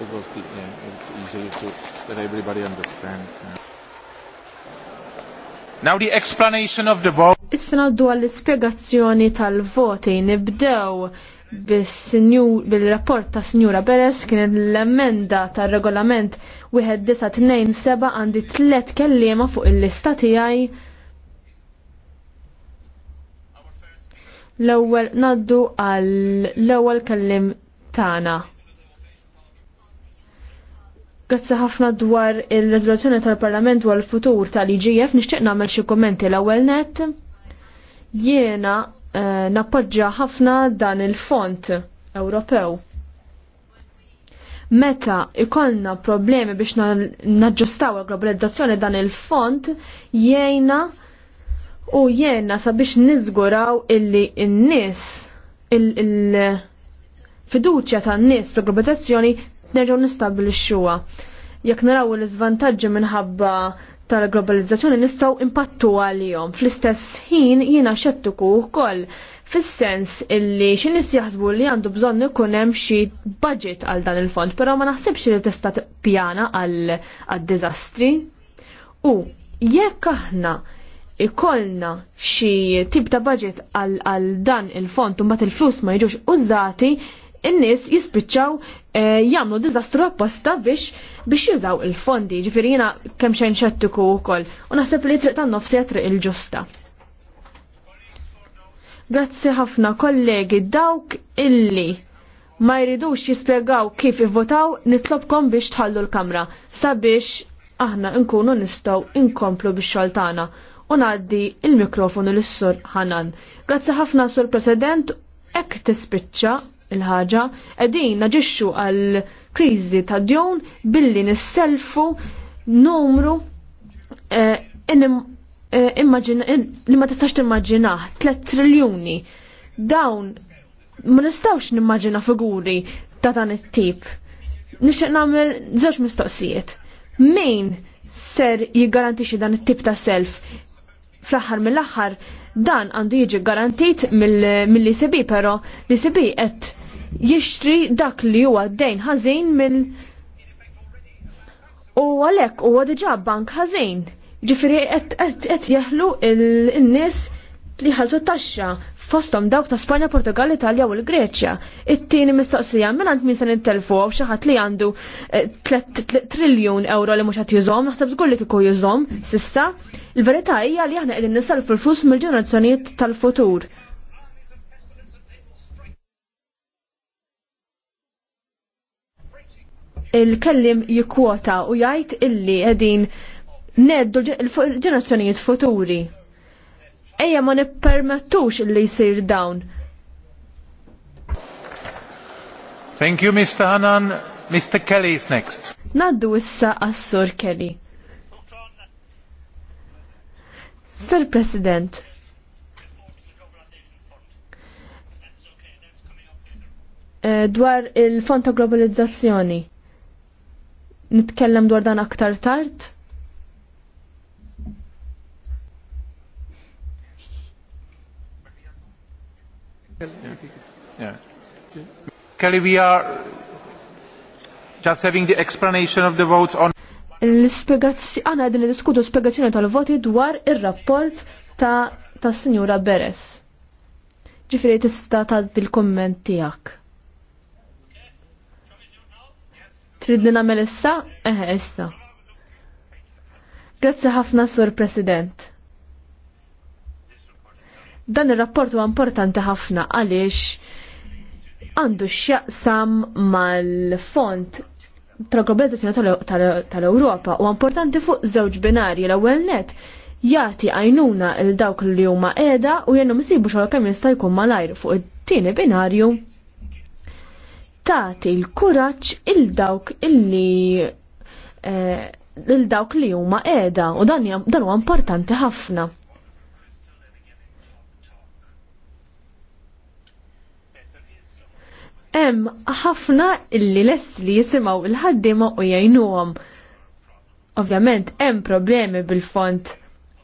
it was the, yeah, it's easy to, that everybody understand. Now the explanation of the vote. Issa naddu għall-ispiegazzjoni tal-voti nibdew bil-rapport ta' Sinjura Beres kien l-emenda tar regolament 1927 għandi tlet kelliema fuq il-lista tiegħi. L-ewwel naddu għall l-ewwel kellim tagħna. Grazzi ħafna dwar il-rezoluzzjoni tal-Parlament dwar il-futur tal-IGF nixtieq nagħmel xi kummenti l-ewwel net. Jiena eh, nappoġġja ħafna dan il-font Ewropew. Meta ikollna problemi biex naġġustaw il-globalizzazzjoni dan il-font jgħinna u jiena sabiex nizguraw illi n-nis il-fiduċja tan-nis fil-globalizzazzjoni nerġgħu nistabilixxuha. Jekk naraw l-iżvantaġġi minħabba tal-globalizzazzjoni nistgħu impattu għalihom. Fl-istess ħin jiena xettuku wkoll fis-sens illi xi nies jaħsbu li għandu bżonn ikun hemm xi budget għal dan il-fond, però ma naħsibx li tista' pjana għal diżastri. U jekk aħna ikollna xi tip ta' budget għal dan il-fond u mbagħad il-flus ma jiġux użati, in-nies jispiċċaw eh, jagħmlu diżastru apposta biex biex jużaw il-fondi, ġifieri jiena kemm xejn xettiku wkoll u naħseb li triq tan-nofsi triq il-ġusta. Grazzi ħafna kollegi dawk illi ma jridux jispjegaw kif ivvotaw nitlobkom biex tħallu l-kamra sabiex aħna nkunu nistgħu inkomplu bix xoltana u ngħaddi il-mikrofonu lis sur Hanan. Grazzi ħafna sur President, ek tispiċċa il-ħaġa, qegħdin naġixxu għal kriżi ta' djon billi nisselfu numru eh, eh, li ma tistax timmaġinaħ 3 triljuni. Dawn ma nistawx nimmaġina figuri ta' dan it-tip. Nixtieq nagħmel żewġ mistoqsijiet. Min ser jiggarantixxi dan it-tip ta' self? Fl-aħħar mill-aħħar dan għandu jiġi garantit mill sebi, però li sebi qed jixtri dak li huwa dejn ħażin mill u għalhekk huwa diġà bank ħażin. Ġifieri qed jeħlu n-nies li ħalsu taxxa fostom dawk ta' Spanja, Portugal, Italja u l-Greċja. It-tieni mistoqsija minn għand min se nintelfu għaw xi ħadd li għandu 3 eh, triljun euro li mhux qed jużhom, naħseb żgur li kieku jużhom s'issa. Il-verità hija li aħna qegħdin nisalfu fil flus mill-ġenerazzjonijiet tal-futur. il-kellim jikwota u jgħid illi qegħdin neddu il-ġenerazzjonijiet futuri. Ejja ma nippermettux illi jsir dawn. Thank you, Mr. Hanan. Mr. Kelly is next. Naddu issa għas-Sur Kelly. Sir President, eh, dwar il-fond ta' globalizzazzjoni nitkellem dwar dan aktar tard? Kelly, we are just having the explanation of the votes on l-spiegazzjoni, għana għedin diskutu spiegazzjoni tal-voti dwar il-rapport ta' ta' Signora Beres. Ġifiri tista' ta' il komment tijak. Tridni nagħmel issa? Eħe, issa. Grazzi ħafna, Sur President. Dan ir-rapport huwa importanti ħafna għaliex għandu x'jaqsam mal-font tal-globalizzazzjoni tal-Ewropa u importanti fuq żewġ binarji l-ewwel net jagħti għajnuna l dawk li huma qiegħda u jennu msibu xogħol kemm jista' jkun malajr fuq it-tieni binarju tati l kuraċ il dawk illi eh, il dawk li huma qiegħda u dan huwa importanti ħafna. Hemm ħafna illi lest li jisimgħu il-ħaddiema u jgħinuhom. Ovvjament hemm problemi bil-font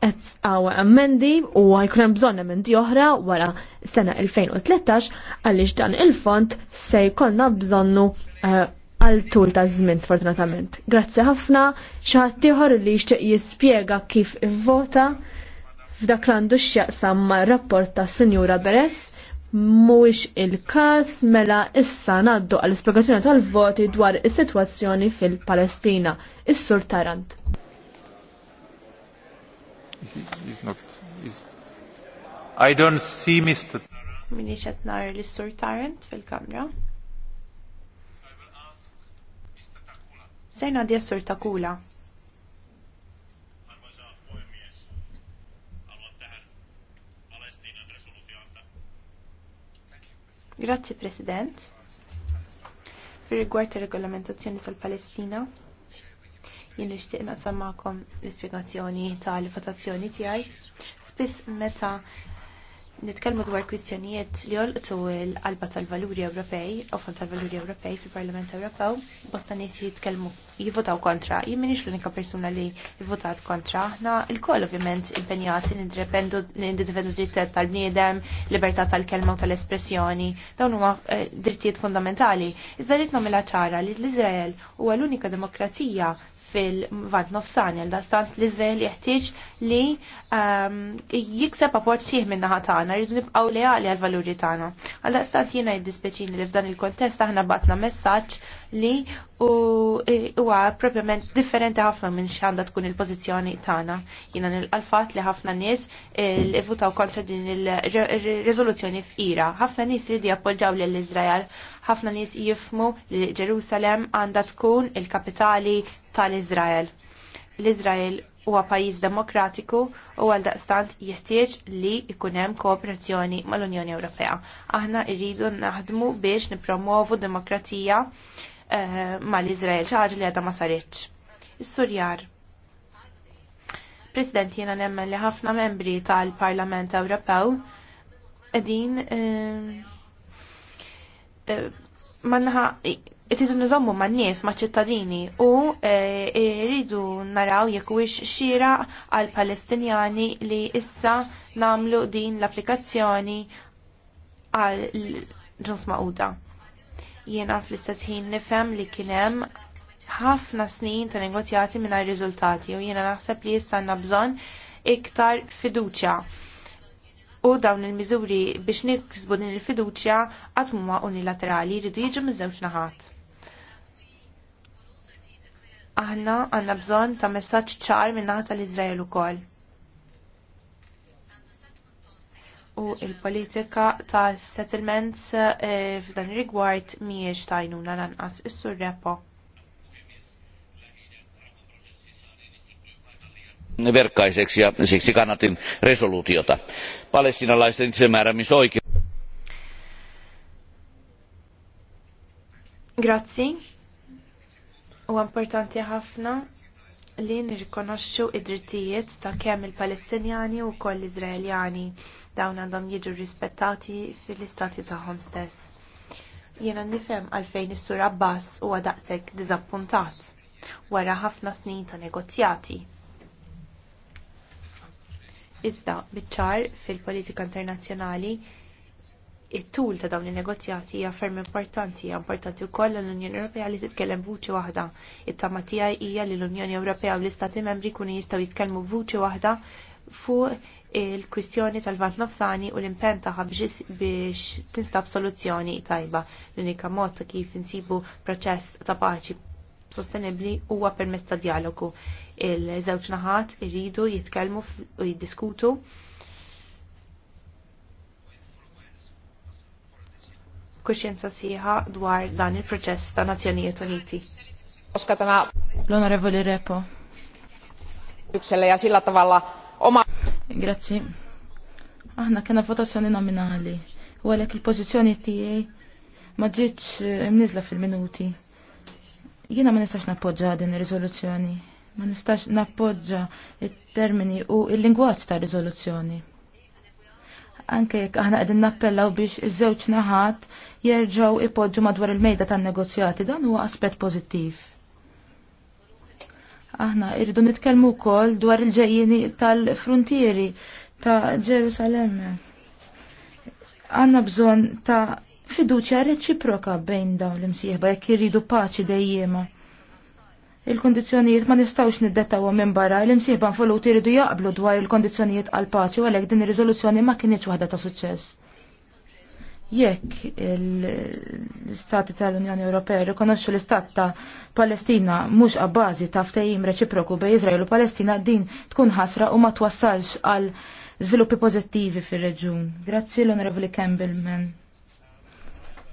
qed għaw emmendi u għajkun hemm bżonn emendi oħra wara sena 2013 għaliex dan il-font se jkollna bżonnu eh, għal tul ta' żmien sfortunatament. Grazzi ħafna xi ħadd li jixtieq jispjega kif ivvota f'dak l-għandu x'jaqsam mar-rapport ta' Sinjura Beres mhuwiex il-każ mela issa ngħaddu għall-ispjegazzjoni tal-voti dwar is-sitwazzjoni fil-Palestina. Is-Sur Tarant is not is I don't see Mr. Minix qed nar l-Sur Tarrant fil-kamra. Sejna di Sur Takula. Grazzi President. Fir rigward ir-regolamentazzjoni tal-Palestina, jien nixtieq naqsam magħkom l-ispjegazzjoni tal-votazzjoni tiegħi spiss meta nitkellmu dwar kwistjonijiet li jolqtu l-qalba tal-valuri Ewropej, u tal-valuri Ewropej fil-Parlament Ewropew, bosta nies jitkellmu jivvotaw kontra. Jien m'iniex l-unika persuna li jivvotat kontra. Aħna l-koll ovvjament impenjati nindefendu drittet tal-bniedem, libertà tal-kelma u tal-espressjoni, dawn huma eh, drittijiet fundamentali. Iżda rrid nagħmilha ċara li l-Iżrael huwa l-unika demokrazija fil-vant nofsani, għal dastant l-Izrael jeħtieġ li ehm, jikseb apport sieħ minna ħatan tagħna, rridu nibqgħu leali għall-valuri tagħna. Għal daqstant jiena jiddispjaċini li f'dan il-kontest aħna batna messaġġ li huwa propjament differenti ħafna minn x'għandha tkun il-pożizzjoni tagħna. Jiena nilqalfat li ħafna nies eh, li votaw kontra din il-riżoluzzjoni f'ira. Ħafna nies jridu jappoġġaw lil Iżrael, ħafna nies jifmu li Ġerusalem għandha tkun il-kapitali tal-Iżrael l-Izrael huwa pajjiż demokratiku u għal daqstant jeħtieġ li jkun hemm kooperazzjoni mal-Unjoni Ewropea. Aħna rridu naħdmu biex nippromovu demokratija uh, mal-Izrael xi ħaġa li għadha ma saritx. Is-Surjar. President jiena nemmen li ħafna membri tal-Parlament Ewropew qegħdin uh, eh, uh, eh, manħa it nizommu ma' nies ma' ċittadini u Eh, Iridu naraw jekk wix xira għal palestinjani li issa namlu din l-applikazzjoni għal ġunf maquda. Jiena fl-istess ħin nifhem li kien hemm ħafna snin ta' negozjati mingħajr riżultati u jiena naħseb li issa għandna bżonn iktar fiduċja. U dawn il-miżuri biex niksbu din il-fiduċja għatmuma unilaterali jridu jiġu miż-żewġ naħat aħna għanna bżonn ta' messaġġ ċar minn naħa tal-Iżrael ukoll. U l politika ta' settlements eh, f'dan ir-rigward mhijiex tajnuna lanqas is-sur repo. verkkaiseksi ja siksi kannatin resoluutiota. Palestinalaisten itsemääräämisoikeus. Grazie. Huwa importanti ħafna li nirrikonoxxu id-drittijiet ta' kemm il-Palestinjani u koll Iżraeljani dawn għandhom jiġu rispettati fil-istati tagħhom stess. Jiena nifhem għalfejn is-Sur Abbas huwa daqshekk diżappuntat wara ħafna snin ta' negozjati. Iżda biċ-ċar fil-politika internazzjonali it-tul ta' dawn in-negozjati hija ferm importanti, hija importanti wkoll l-Unjoni Ewropea li titkellem vuċi waħda. It-tama tiegħi hija li l-Unjoni Ewropea u l-Istati Membri jkunu jistgħu jitkellmu vuċi waħda fuq il-kwistjoni tal-vant nofsani u l-impen tagħha biex tinstab soluzzjoni tajba. L-unika mod ta' kif insibu proċess ta' paċi sostenibbli huwa permezz ta' dialogu. Il-żewġ naħat irridu jitkellmu u jiddiskutu kuxjenza siħa dwar dan il-proċess ta' Nazzjonijiet Uniti. L-Onorevoli Repo. Grazzi. Aħna kena votazzjoni nominali. U għalek il-pozizjoni tijaj ma ġietx eh, imnizla fil-minuti. Jiena ma nistax nappoġġa din ir-riżoluzzjoni. Ma nistax nappoġġa il termini u il-lingwaġġ ta' riżoluzzjoni. Anke jekk aħna qegħdin nappellaw biex iż-żewġ naħat jerġgħu ipoġġu madwar il-mejda tan-negozjati dan huwa aspett pożittiv. Aħna irridu nitkellmu wkoll dwar il-ġejjieni tal-frontieri ta' Ġerusalemme. Għanna bżonn ta' fiduċja reċiproka bejn dawn l-imsieħba jekk irridu paċi dejjema. Il-kondizjonijiet ma nistawx niddettawhom minn barra, l-imsieħba nfollut iridu jaqblu dwar il-kondizjonijiet għal paċi u għalhekk din ir-riżoluzzjoni ma kienx waħda ta' suċċess jekk l-istati tal-Unjoni Ewropea rikonoxxu l-istat ta' Palestina mhux għabbażi ta' ftehim reċiproku bej Iżrael u Palestina din tkun ħasra u ma twassalx għal żviluppi pożittivi fir-reġjun. Grazzi l-Onorevoli Campbellman.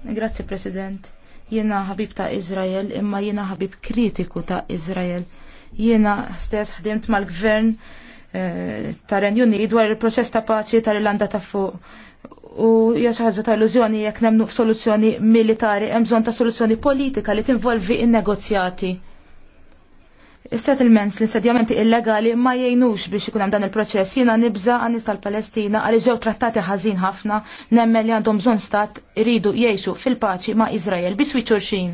Grazzi President. Jiena ħabib ta' Iżrael imma jiena ħabib kritiku ta' Iżrael. Jiena stess ħdimt mal-gvern eh, tar Renju Unit dwar il-proċess ta' paċi tal-Irlanda ta' fuq u jaxħaġa ta' illużjoni jekk nemnu soluzjoni militari, hemm bżonn ta' soluzzjoni politika li tinvolvi in-negozjati. Is-settlements l-insedjamenti illegali ma jgħinux biex ikun hemm dan il-proċess jiena nibża għan nies tal-Palestina għalli ġew trattati ħażin ħafna nemmen li għandhom bżonn stat iridu jgħixu fil-paċi ma' Izrael bi wiċurxin.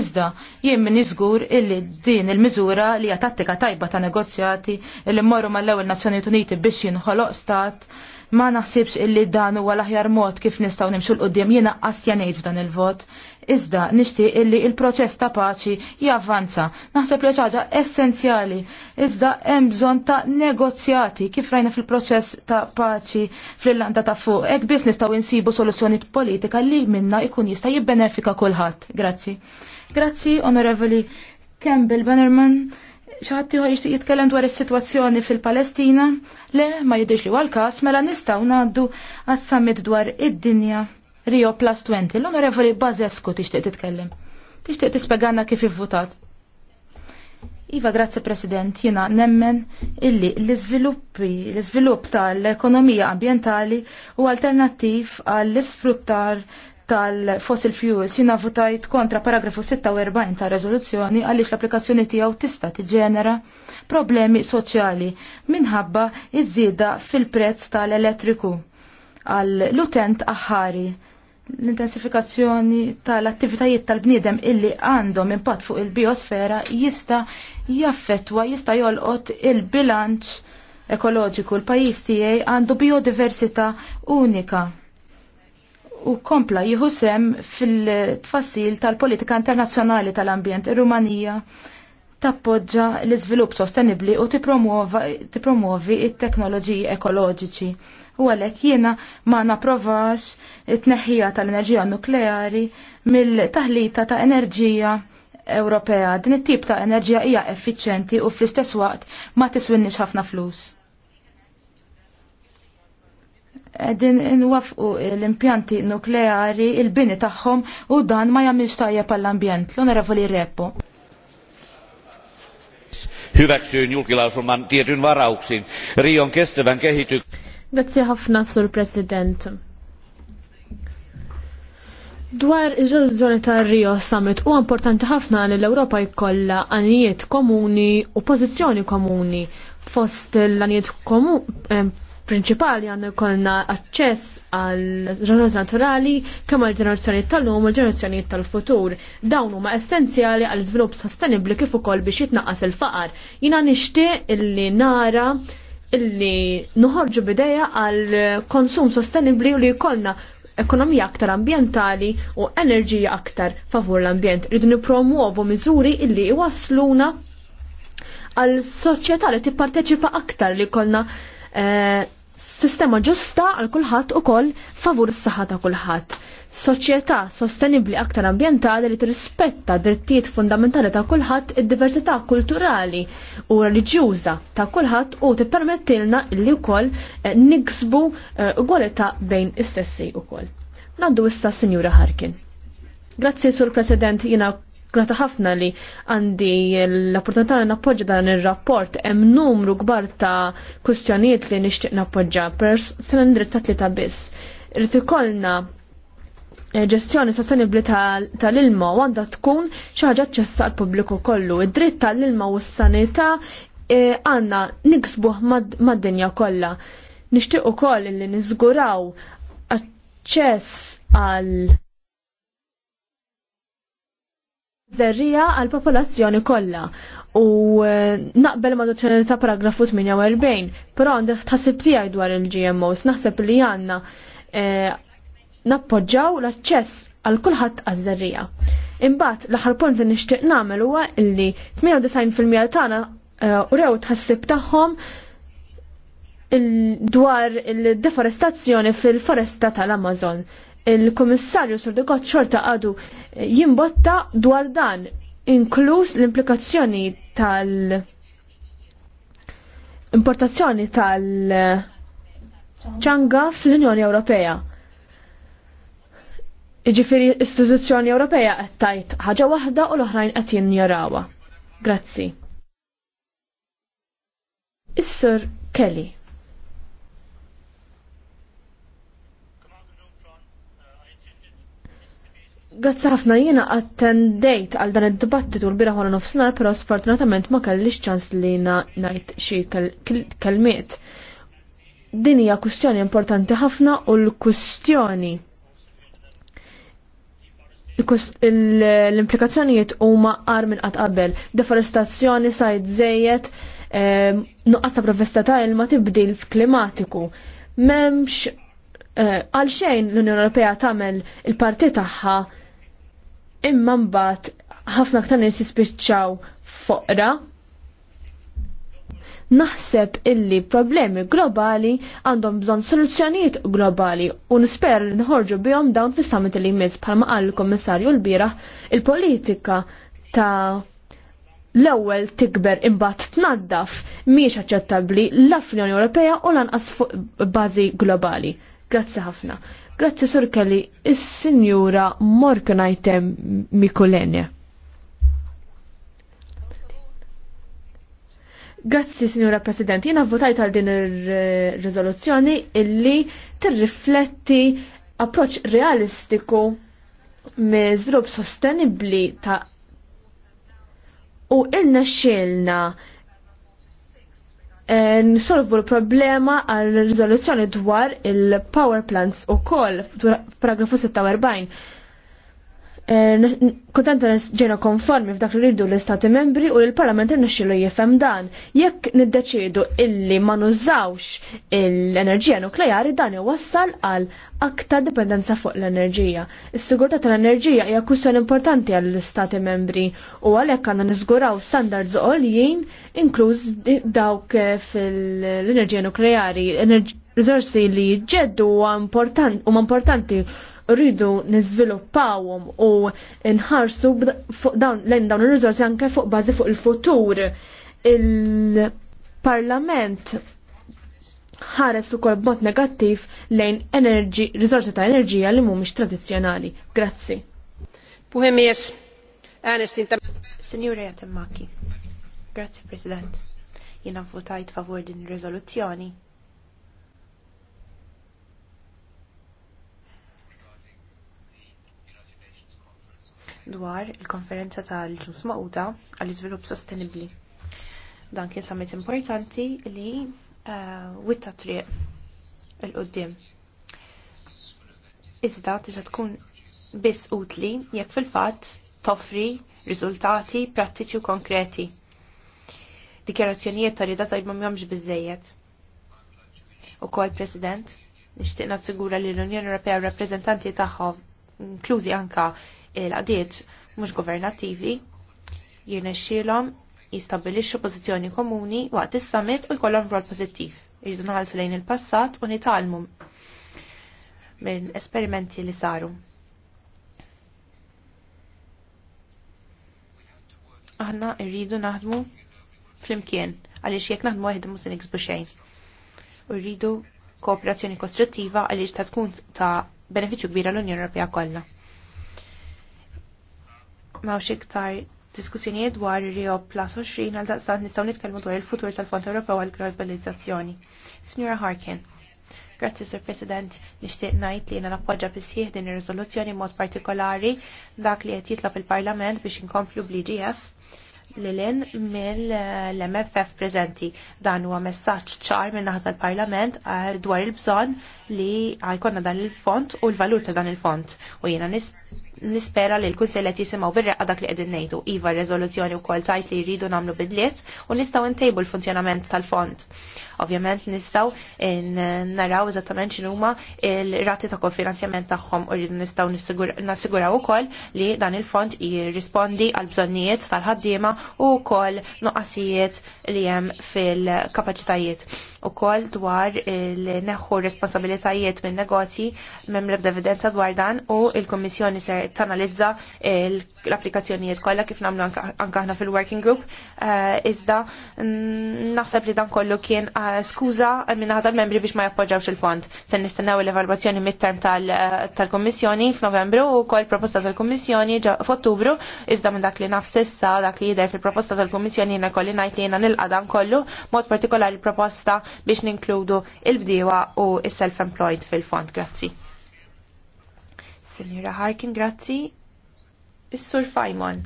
Iżda jien min iżgur illi din il-miżura li hija tattika tajba ta' negozjati illi mmorru mal-ewwel Nazzjonijiet Uniti biex jinħoloq stat ma naħsibx illi dan huwa l-aħjar mod kif nistgħu nimxu l-qudiem jiena astjanejt f'dan il-vot. Iżda nixtieq illi il-proċess ta' paċi javvanza. Naħseb li ħaġa essenzjali. Iżda hemm bżonn ta' negozjati kif rajna fil-proċess ta' paċi fl-Irlanda ta' fuq. Hekk biss nistgħu insibu soluzzjoni politika li minna jkun jista' jibbenefika kulħadd. Grazzi. Grazzi, Onorevoli Campbell Bannerman xaħti tiħor jitkellem dwar is-sitwazzjoni fil-Palestina, le ma jidix li għal-kas, mela nistaw naddu għas-summit dwar id-dinja Rio Plus 20. L-onorevoli Bazesku tixtieq titkellem. Tixtieq tispegana kif ivvutat. Iva, grazzi President, jina nemmen illi l-izviluppi, l-izvilupp tal-ekonomija ambientali u alternativ għall-isfruttar tal-fossil fuels jina votajt kontra paragrafu 46 ta' rezoluzzjoni għaliex l-applikazzjoni tiegħu tista' tiġġenera problemi soċjali minħabba iż-żieda fil-prezz tal-elettriku għal utent aħari l-intensifikazzjoni tal-attivitajiet tal-bniedem illi għandhom impatt fuq il-biosfera jista' jaffettwa, jista' jolqot il-bilanċ ekoloġiku. L-pajjiż tiegħi għandu biodiversità unika u kompla jieħu sem fil-tfassil tal-politika internazzjonali tal-ambjent ir-Rumanija tappoġġa l-iżvilupp sostenibbli u tipromuovi it-teknoloġiji ekoloġiċi. U għalhekk jiena ma napprovax it-tneħħija tal-enerġija nukleari mill-taħlita ta' enerġija Ewropea. Din it-tip ta' enerġija hija effiċjenti u fl-istess waqt ma tiswinniex ħafna flus. Edin nwafqu l-impjanti nukleari il-bini tagħhom u dan ma jagħmilx tajja għall ambjent L-Onorevoli Repo. Hyväksyin julkilausuman tietyn varauksin Rion kestävän Grazzi ħafna, Sur President. Dwar il riżoluzzjoni ta' Rio Summit u importanti ħafna li l-Ewropa jkollha għanijiet komuni u pożizzjoni komuni fost l-għanijiet komuni prinċipali għandu jkollna aċċess għal ġenerazzjoni naturali kemm għal ġenerazzjoni tal-lum u ġenerazzjoni tal-futur. Dawn huma essenzjali għal żvilupp sostenibbli kif ukoll biex jitnaqqas il-faqar. Jina nixtieq illi nara illi noħorġu bideja għal konsum sostenibbli u li jkollna ekonomija aktar ambientali u enerġija aktar favur l-ambjent. Rridu nipromuovu miżuri illi iwasluna għal soċjetà li tipparteċipa aktar li kollna Eh, sistema ġusta għal kulħadd ukoll favur is-saħħa ta' kulħadd. Soċjetà sostenibbli aktar ambjentali li tirrispetta drittijiet fundamentali ta' kulħadd, id-diversità kulturali u reliġjuża ta' kulħadd u tippermettilna li wkoll eh, niksbu eh, ugwalità bejn is-sessi wkoll. Naddu issa Sinjura Harkin. Grazzi sur President jiena grata ħafna li għandi l-opportunità li nappoġġa dan ir-rapport hemm numru kbar ta' kwistjonijiet li nixtieq nappoġġa per se li tlieta biss. Rid ikollna eh, ġestjoni sostenibbli tal-ilma u għandha tkun xi ħaġa ċessa għall pubbliku kollu. Id-dritt tal-ilma u s-sanità eh, għandna niksbuh mad-dinja kollha. Nixtieq ukoll li niżguraw aċċess għal zerrija għal popolazzjoni kollha u eh, naqbel ma doċċjoni ta' paragrafu 48, però għandek tħassib tiegħi dwar il-GMOs, naħseb li għandna eh, nappoġġaw l-aċċess għal kulħadd għaż-żerrija. Imbagħad l-aħħar punt li nixtieq nagħmel huwa illi 98% tagħna eh, urew tħassib tagħhom dwar il-deforestazzjoni fil-foresta tal-Amazon il-Komissarju Sordikot xorta għadu eh, jimbotta dwar dan, inkluż l-implikazzjoni tal- importazzjoni tal- ċanga fl-Unjoni Ewropea. Iġifiri istituzzjoni Ewropea qed tajt ħaġa waħda u l-oħrajn qed jinjorawha. Grazzi. Is-Sur Kelly. Grazzi ħafna jiena attendejt għal dan id-dibattitu l-bira ħora nofsinar, pero sfortunatament ma kellix ċans li najt xi kelmiet. Din hija kwistjoni importanti ħafna u l-kwistjoni l-implikazzjonijiet huma qar minn qatt qabel. Deforestazzjoni sajt żejjed, ehm, nuqqas ta' provesta ta' ilma tibdil klimatiku. M'hemmx eh, għal xejn l-Unjoni Ewropea tagħmel il-parti tagħha imma mbagħad ħafna aktar nies jispiċċaw foqra naħseb illi problemi globali għandhom bżonn soluzzjonijiet globali u nisper li nħorġu bihom dawn fis summit li jmiss bħalma qal il-Kommissarju l-bieraħ il-politika ta' l-ewwel tikber imbagħad tnaddaf mhijiex aċċettabbli l-Unjoni Ewropea u lanqas fuq bażi globali. Grazzi ħafna. Grazzi Sur Kelly, il sinjura Morkanajtem Mikulene. Grazzi, Signora President. Jena votajt għal din il riżoluzzjoni illi tirrifletti approċ realistiku me żvilupp sostenibbli ta' u irna xilna Eh, nsolvu l-problema għal riżoluzzjoni dwar il-power plants u koll f'paragrafu 46 Eh, kontenta ġena konformi f'dak li rridu l-Istati membri u l-Parlament irnexxielu jifhem dan. Jekk niddeċiedu illi ma nużawx l-enerġija nukleari dan iwassal għal aktar dipendenza fuq l-enerġija. Is-sigurtà tal-enerġija hija kwistjoni importanti għall istati membri u għalhekk għandna niżguraw standards għoljin inkluż dawk eh, fil-enerġija nukleari. Riżorsi li ġeddu huma importanti rridu niżviluppawhom u nħarsu fuq dawn lejn dawn ir-riżorsi anke fuq bażi fuq il-futur. Il-Parlament ħares ukoll b'mod negattiv lejn enerġi, riżorsi ta' enerġija li mhumiex tradizzjonali. Grazzi. Puhemies, äänestin tämän. Signore Jatemaki. Grazzi President. Jiena votajt favur din ir-riżoluzzjoni dwar il-konferenza tal-ġus maquda għall-iżvilupp sostenibbli. Dan kien summit importanti li eh, witta triq il-qoddim. Iżda tista' tkun biss utli jekk fil-fatt toffri riżultati prattiċi u konkreti. Dikjarazzjonijiet ta' rida tajba m'hemmx biżejjed. Ukoll President, nixtieq sigura li l-Unjoni Ewropea rappreżentanti tagħha inklużi anka l-għadiet mhux governattivi jirnexxielhom jistabilixxu pożizzjoni komuni waqt is-summit u jkollhom rol pożittiv. Irridu naħalsu lejn il-passat u nitalmu minn esperimenti li saru. Aħna rridu naħdmu flimkien għaliex jekk naħdmu waħed mhux se niksbu xejn. U rridu kooperazzjoni kostruttiva għaliex ta' tkun ta' benefiċċju kbira l-Unjoni Ewropea kollha mawx iktar diskussjonijiet dwar Rio Plus 20 għal daqstant nistgħu nitkellmu dwar il-futur tal-Fond Ewropew għal globalizzazzjoni. Signora Harkin, Grazzi, Sur President, nixtieq ngħid li jiena nappoġġa bisħieħ din ir-riżoluzzjoni mod partikolari dak li qed jitlob il-Parlament biex inkomplu bl-IGF lilin mill-MFF preżenti. Dan huwa messaġġ ċar minn naħa tal-Parlament eh, dwar il-bżonn li għajkonna dan il-font u l-valur ta' dan il-font. U jiena nispera li l-Kunsell qed jisimgħu bir-reqqa dak li qegħdin ngħidu. Iva r-reżoluzzjoni wkoll tajt li jridu nagħmlu bidliet u nistgħu ntejbu l-funzjonament tal-fond. Ovvjament nistgħu naraw eżattament x'in huma l-rati ta' kofinanzjament tagħhom u rridu nistgħu nassiguraw ukoll li dan il-fond jirrispondi għal bżonnijiet tal-ħaddiema u wkoll nuqqasijiet li hemm fil-kapaċitajiet. Ukoll dwar il-neħħu responsabilitajiet minn negozji m'hemm l-evidenza dwar dan u il-Kummissjoni ser tanalizza l-applikazzjonijiet kollha kif nagħmlu anke aħna fil-working group. Eh, iżda naħseb li dan kollu kien eh, skuża minn ħażar membri biex ma jappoġġawx il-fond. Se nistennew l-evalwazzjoni mid-term tal eh, kummissjoni f'Novembru u kol proposta tal kummissjoni f'Ottubru iżda minn dak li naf sissa dak li jidher fil-proposta tal kummissjoni jiena kolli ngħid li jiena nilqa' dan kollu mod partikolari proposta biex ninkludu il-bdiewa u s self employed fil-fond. Grazzi. Sinjura Harkin, grazzi. Is-Sur Fajmon.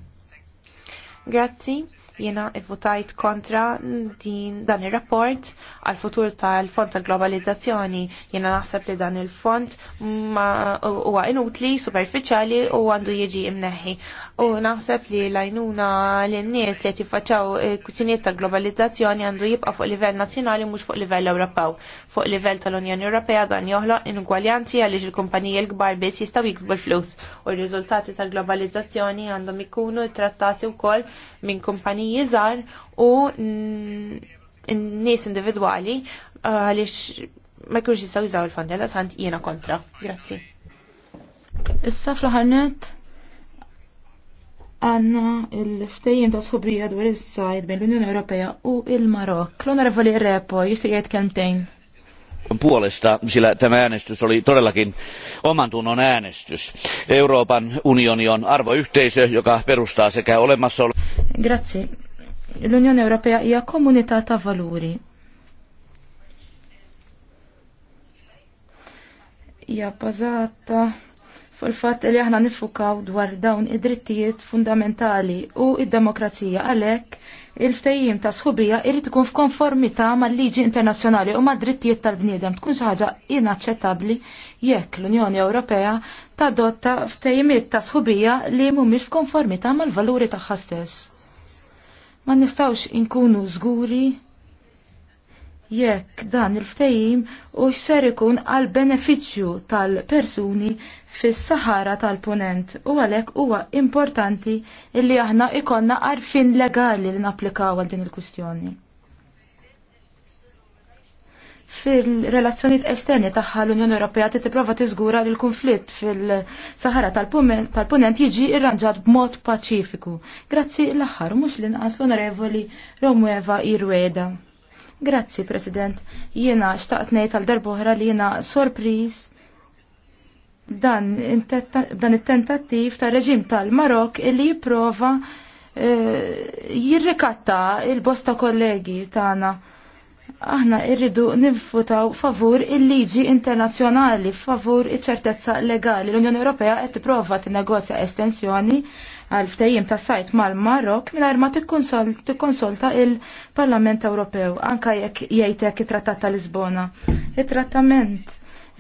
Grazzi. Jiena votajt kontra din dan ir-rapport għal futur tal-Fond tal-Globalizzazzjoni. Jiena naħseb li dan il-fond huwa inutli, superficiali u għandu jiġi imneħħi. U naħseb li lajnuna l-nies li jtifacċaw eh, kusinijiet tal-globalizzazzjoni għandu jibqa' fuq livell nazzjonali mhux fuq livell Ewropew. Fuq livell tal-Unjoni Ewropea dan joħloq inugwaljanzi għaliex il-kumpaniji l-kbar biss jistaw jiksbu l-flus u r-riżultati tal-globalizzazzjoni għandhom ikunu trattati wkoll minn kumpaniji kumpaniji u n nis individuali uh, għalix ma jkunx jistaw jużaw il-fondi għal sant jiena kontra. Grazzi. Issa fl-ħarnet għanna il-ftejjem ta' sħobrija dwar il-sajt bejn l-Unjoni Ewropea u il-Marok. L-Onorevoli Repo jistaw jgħid kentejn. Puolesta, sillä tämä äänestys oli todellakin oman tunnon äänestys. Euroopan unioni on arvoyhteisö, joka perustaa sekä olemassa Grazzi. L-Unjoni Ewropea hija komunità ta' valuri. Hija bbażata fuq il-fatt li aħna nifukaw dwar dawn id-drittijiet fundamentali u id-demokrazija għalhekk il-ftejjim ta' sħubija irid ikun f'konformità mal-liġi internazzjonali u mad-drittijiet tal-bniedem tkun xi ħaġa inaċċettabbli jekk l-Unjoni Ewropea tadotta ftejjimiet ta' sħubija li mhumiex f'konformità mal-valuri tagħha stess ma nistawx inkunu żguri jekk dan il-ftejim u x'ser ikun għal benefiċċju tal-persuni fis-Sahara tal-Punent u għalhekk huwa importanti illi aħna ikonna għarfien legali li napplikaw għal din il-kwistjoni fil relazzjonijiet esterni tagħha l-Unjoni Ewropea tipprova tiżgura li l-konflitt fil-Sahara tal-Punent jiġi irranġat b'mod paċifiku. Grazzi l-aħħar mhux l-inqas l-Onorevoli Romueva Irweda. Grazzi, President. Jiena xtaqt ngħid tal darbohra li jiena sorpriż dan, it-tentattiv tar reġim tal-Marok illi jipprova eh, jirrikatta il-bosta kollegi tagħna aħna irridu nifutaw favur il-liġi internazzjonali, favur iċ-ċertezza legali. L-Unjoni Ewropea qed tipprova tinnegozja estensjoni għal ftehim ta' sajt mal-Marok mingħajr ma tikkonsolta il-Parlament Ewropew anka jekk hekk it-Trattat ta' Lisbona. It-trattament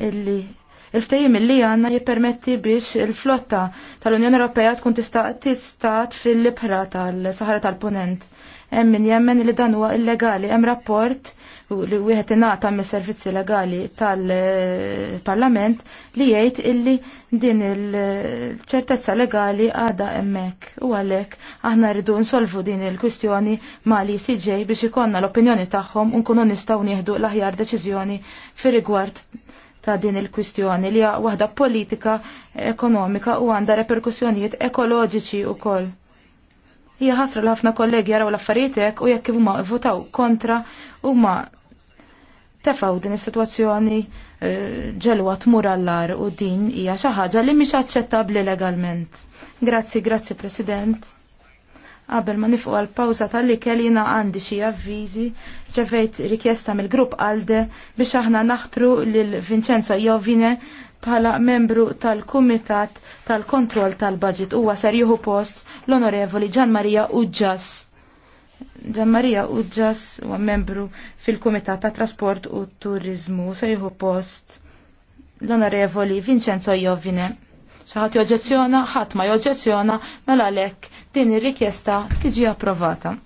illi il-ftehim illi għanna jippermetti biex il-flotta tal-Unjoni Ewropea tkun tista' tistat fil-libħra tal-Sahara tal-Ponent hemm min jemmen li dan huwa illegali. Hemm rapport li wieħed ingħata mis-servizzi legali tal-Parlament li jgħid illi din il-ċertezza legali għadha hemmhekk u għalhekk aħna rridu nsolvu din il-kwistjoni ma' li CJ biex ikonna l-opinjoni tagħhom u nkunu nistgħu nieħdu l-aħjar deċiżjoni fir-rigward ta' din il-kwistjoni li hija waħda politika, ekonomika u għandha reperkussjonijiet ekoloġiċi wkoll. Hija ħasra ħafna kollegi jaraw l-affarietek u jekk huma votaw kontra huma tefaw din is-sitwazzjoni eh, ġelwa tmur għallar u din hija xi ħaġa li mhix aċċettabbli legalment. Grazzi, grazzi President. Qabel ma nifqu għal pawza tal-ikel jiena għandi xi avviżi ġevejt rikjesta mill-grupp Alde biex aħna naħtru lil Vincenzo Jovine bħala membru tal-Kumitat tal-Kontroll tal-Budget huwa ser jieħu post l-Onorevoli Gian Marija Uġġas. Gian Marija Uġġas huwa membru fil-Kumitat ta' Trasport u Turizmu se jieħu post l-Onorevoli Vincenzo Jovine. Xaħat joġezzjona, ħadd ma joġezzjona, mela lek din ir-rikjesta tiġi approvata.